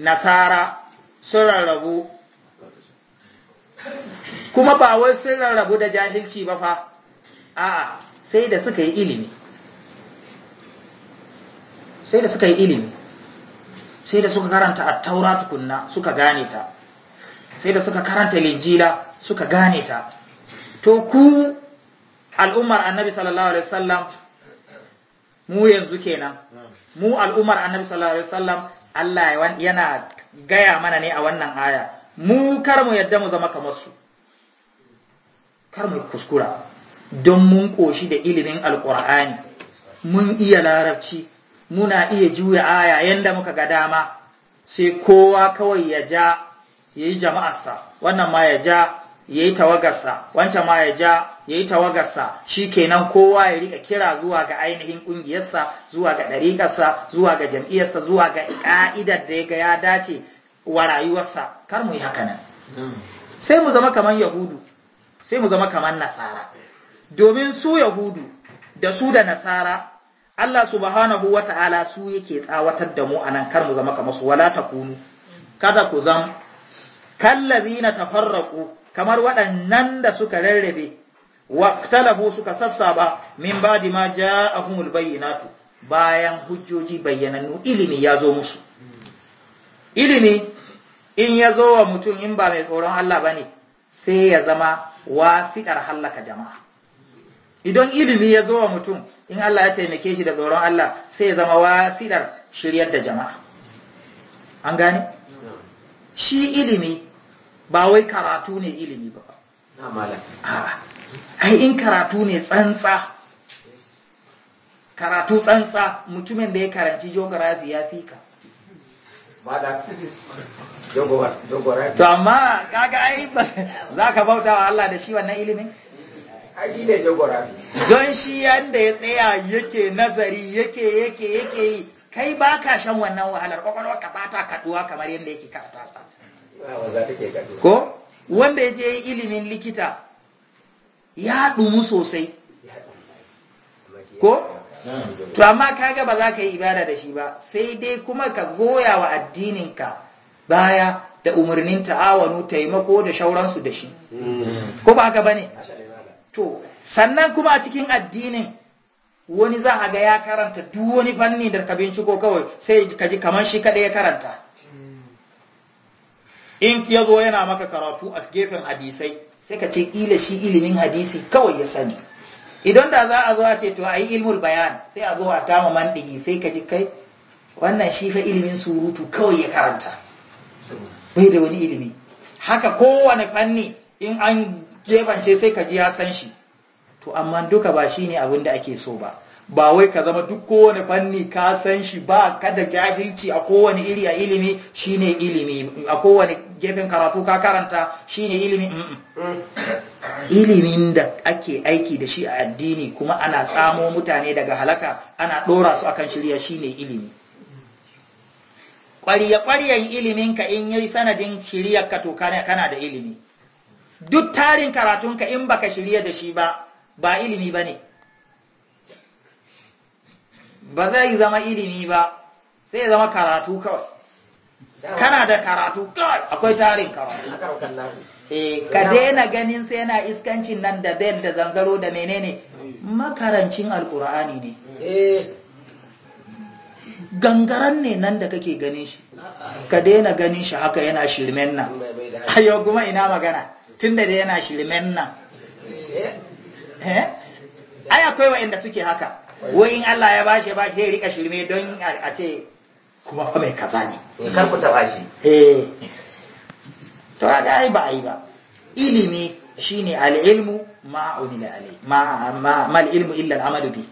nasara sun rabu, kuma ba wai sun rabu da jahilci ba fa a'a sai da suka yi ilimi sai da suka yi ilimi sai da suka karanta a taura tukunna suka gane ta sai da suka karanta linjila suka gane ta to ku al'ummar annabi sallallahu alaihi wasallam mu yanzu kenan mu al'ummar annabi sallallahu alaihi wasallam Allah yana gaya mana ne a wannan aya mu kar mu yadda mu zama kamar su kar mu kuskura don mun koshi da ilimin alqur'ani mun iya larabci muna iya juya aya yanda muka ga dama sai kowa kawai ya ja yayi jama'arsa wannan ma ya ja ya yi tawagarsa wancan ma ya ja ya yi tawagarsa shi kenan kowa ya rika kira zuwa ga ainihin ƙungiyarsa zuwa ga ɗariƙarsa zuwa ga jam'iyyarsa zuwa ga ƙa'idar da ya ga ya dace wa rayuwarsa kar mu yi haka nan sai mu zama kamar yahudu sai mu zama kamar nasara domin su yahudu da su da nasara Allah subhanahu wa ta'ala su yake tsawatar da mu anan nan kar mu zama kamar su wala takunu kada ku zam kallazina tafarraqu kamar waɗannan da suka rarrabe waqtalafu suka sassaba min ba'di ma bayyana tu, bayan hujjoji bayyanannu ilimi ya zo musu ilimi in ya zo wa mutum in ba mai tsoron Allah ba ne sai ya zama wasiɗar hallaka jama'a idan ilimi ya zo wa mutum in Allah ya taimake shi da tsoron Allah sai ya zama wasiɗar shiryar da jama'a an gane shi ilimi ba wai karatu ne ilimi ba ai in karatu ne tsantsa karatu tsantsa mutumin da ya karanci geografi ya fi ka to amma kaga ai za ka bauta wa Allah da shi wannan ilimin Ai shi ne don shi yadda ya tsaya yake nazari yake yake yake yi kai ba ka shan wannan wahalar ƙwaƙwalwa, ka ba ta kaɗuwa kamar yadda yake karata sa ko wanda ya je ilimin likita ya ɗumu sosai ko to amma kaga ba za ka yi ibada da shi ba sai dai kuma ka goya wa addininka baya da umarnin ta'awanu taimako da shauransu da shi hmm. ko ba haka ba to sannan kuma a cikin addinin wani za a ga ya karanta duk wani fanni da ka binciko kawai sai ka ji kamar shi kaɗai ya karanta in ya zo yana maka karatu a gefen hadisai sai ka ce ƙila shi ilimin hadisi kawai ya sani idan da za a zo a ce to a yi ilmul bayan sai a zo a kama mandigi sai ka ji kai wannan shi fa ilimin surutu kawai ya karanta bai da wani ilimi haka kowane fanni in an gefance sai ka ji ya san shi to amma duka ba shi ne abin da ake so ba ba wai ka zama duk kowane fanni ka san shi ba kada jahilci a kowane iri a ilimi shine ilimi a kowane gefen karatu ka karanta shine ilimi ilimin da ake aiki da shi a addini kuma ana tsamo mutane daga halaka ana ɗora su akan shirya shine ilimi ƙwarya-ƙwaryan iliminka in yi sanadin ka to kana da ilimi duk tarin karatun ka in baka shirya da shi ba ba ilimi ba ne ba zai zama ilimi ba sai zama karatu kawai kana da karatu kawai akwai tarin karatu eh, ka daina ganin sai yana iskancin nan da bel da zanzaro da menene makarancin alkur'ani ne eh. gangaren ne nan da kake ganin shi ka daina ganin shi haka yana shirmen nan yau kuma ina magana tun da yana shirmen nan eh. ai akwai wa'inda suke haka wai in Allah ya bashi ba shi rika shirme don a ce kuma fa mai kaza ne mm. kar ku taba shi eh to ga ai ba ai ba ilimi shine al-ilmu ma umila alai ma ilmu illa al-amalu bi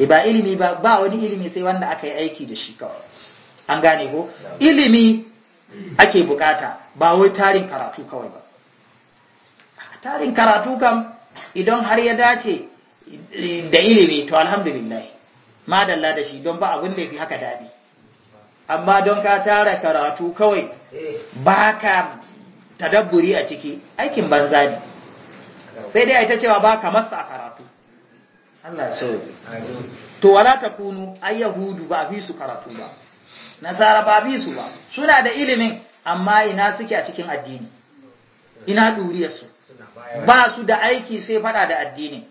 eh, ba ilimi ba ba wani ilimi sai wanda aka yi aiki da shi kawai an gane ko ilimi ake bukata ba wai tarin karatu kawai ba tarin karatu kam idan har ya dace da ilimi to alhamdulillah madalla da shi don ba abin da ya fi haka daɗi amma don ka tara karatu kawai eh. ba ka tadabburi a ciki aikin banza ne sai dai a ita cewa ba ka masa a karatu Allah so to wala ta kunu ai yahudu ba fi su karatu ba nasara ba fi su ba suna da ilimin amma ina suke a cikin addini ina su ba su da aiki sai fada da addini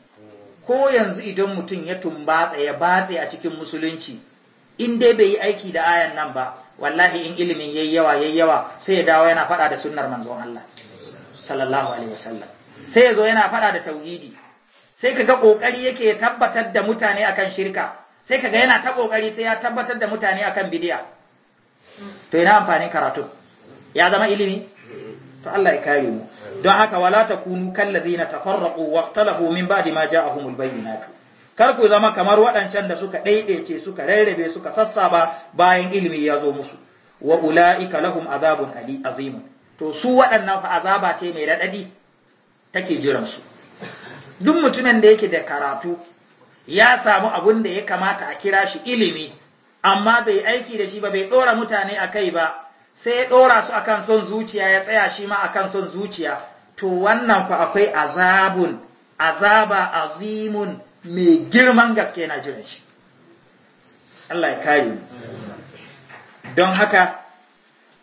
ko yanzu idan mutum ya tumbatsa ya batse a cikin musulunci in dai bai yi aiki da ayan nan ba wallahi in ilimin yayi yawa yayi yawa sai ya dawo yana faɗa da sunnar manzon Allah sallallahu alaihi wasallam sai ya zo yana faɗa da tauhidi sai kaga kokari yake tabbatar da mutane akan shirka sai kaga yana ta kokari sai ya tabbatar da mutane akan bid'a to ina amfanin karatu ya zama ilimi to Allah ya kare mu don haka wala takunu kallazina tafarraqu waqtalahu min ba'di ma ja'ahumul bayyinatu kar ku zama kamar waɗancan da suka ɗaiɗaice suka rarrabe suka sassaba bayan ilimi ya zo musu wa ula'ika lahum azabun ali azim to su waɗannan fa azaba ce mai raɗaɗi take jiran su duk mutumin da yake da karatu ya samu abun da ya kamata a kira shi ilimi amma bai aiki da shi ba bai ɗora mutane a kai ba sai ya ɗora su akan son zuciya ya tsaya shi ma akan son zuciya to wannan fa akwai azabun azaba azimun mai girman gaske na jiran shi Allah ya kare don haka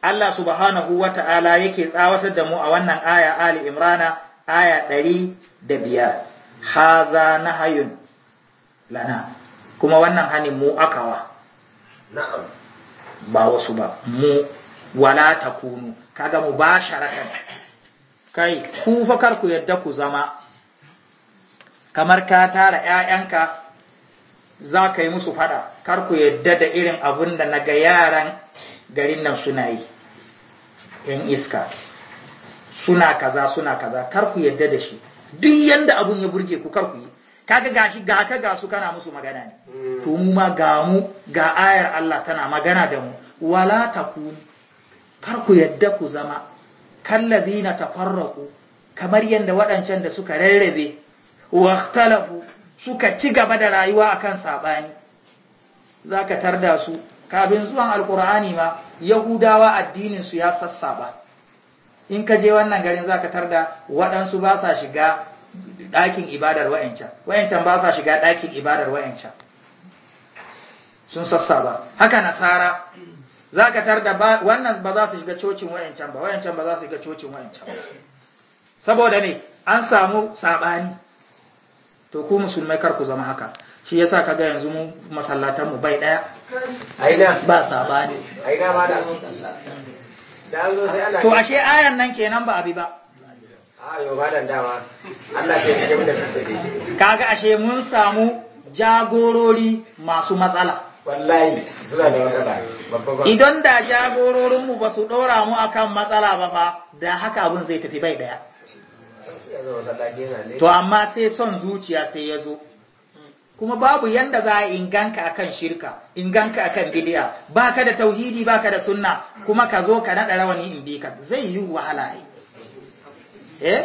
Allah subhanahu wa ta'ala yake tsawatar da mu a wannan aya Ali Imrana aya ɗari da biyar haza na hayun lana kuma wannan hannun mu akawa ba wasu ba mu wala ta takunu kaga mu ba kai ku fa kar ku yadda ku zama kamar ka tara 'ya'yanka za ka yi musu fada kar ku yadda da irin abun da na ga yaran garin nan suna yi yan iska suna kaza suna kaza kar ku yadda da shi duk yadda abun ya burge ku kar ku yi kaga gashi ga ka ga su kana musu magana ne mm. to mu ma ga mu ga ayar Allah tana magana da mu wala takun kar ku yadda ku zama kallazina tafarraqu kamar yadda waɗancan da suka rarrabe waktalafu suka ci gaba da rayuwa akan sabani zaka tarda su kafin zuwan alkur'ani ma yahudawa addinin su ya sassaba in ka je wannan garin zaka tarda waɗansu ba sa shiga ɗakin ibadar wa'ancan wa'ancan ba sa shiga ɗakin ibadar wa'ancan sun sassaba haka nasara zaka tarda wannan ba za su shiga cocin wa'ancan ba wa'ancan ba za su shiga cocin wa'ancan ba saboda me an samu sabani to ku musulmai kar ku zama haka shi yasa kaga yanzu mu masallatan mu bai daya aina ba sabani aina ba da to ashe ayan nan kenan ba abi ba ayo ba dan dawa Allah ya kike mu da kaga ashe mun samu jagorori masu matsala wallahi zuwa da matsala idan da jagororinmu ba su ɗora mu akan matsala ba fa da haka abin zai tafi bai ɗaya to amma sai son zuciya sai ya zo kuma babu yanda za a inganka akan shirka inganka akan bid'a baka da tauhidi baka da sunna kuma ka zo ka naɗa rawani in bi ka zai yi wahala ai